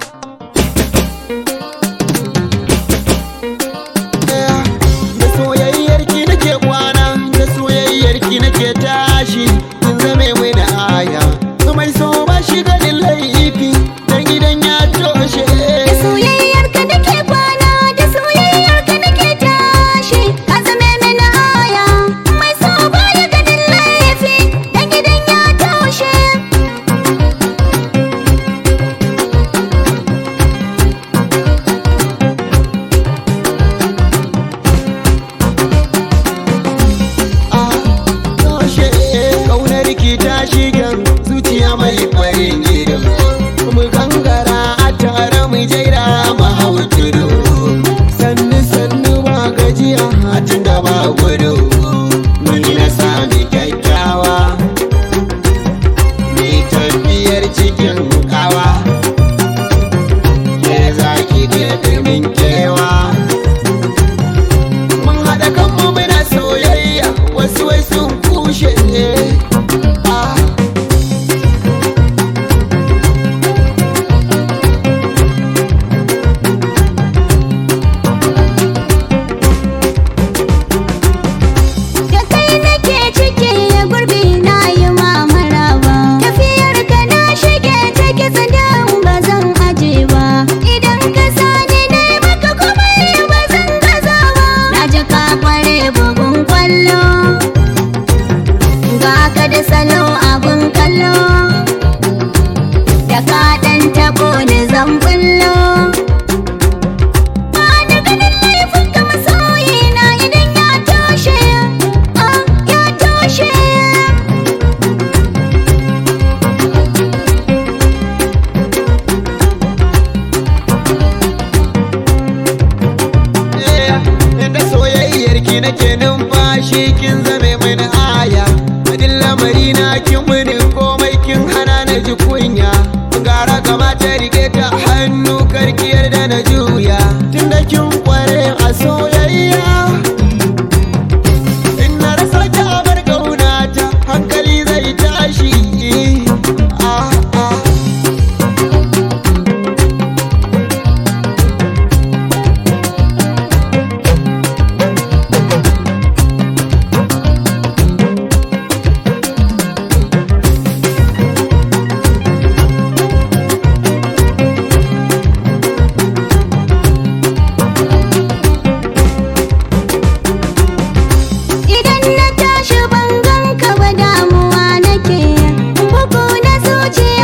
Thank you. jiya tun da ba gudu kallo da ka dan tabo ni zan kullo ba da laifin ka masoyi na idan ya toshe ah, ya toshe Yeah, da soyayyar ki nake numfashi kin zame mini na kin mini komai kin hana na ji kunya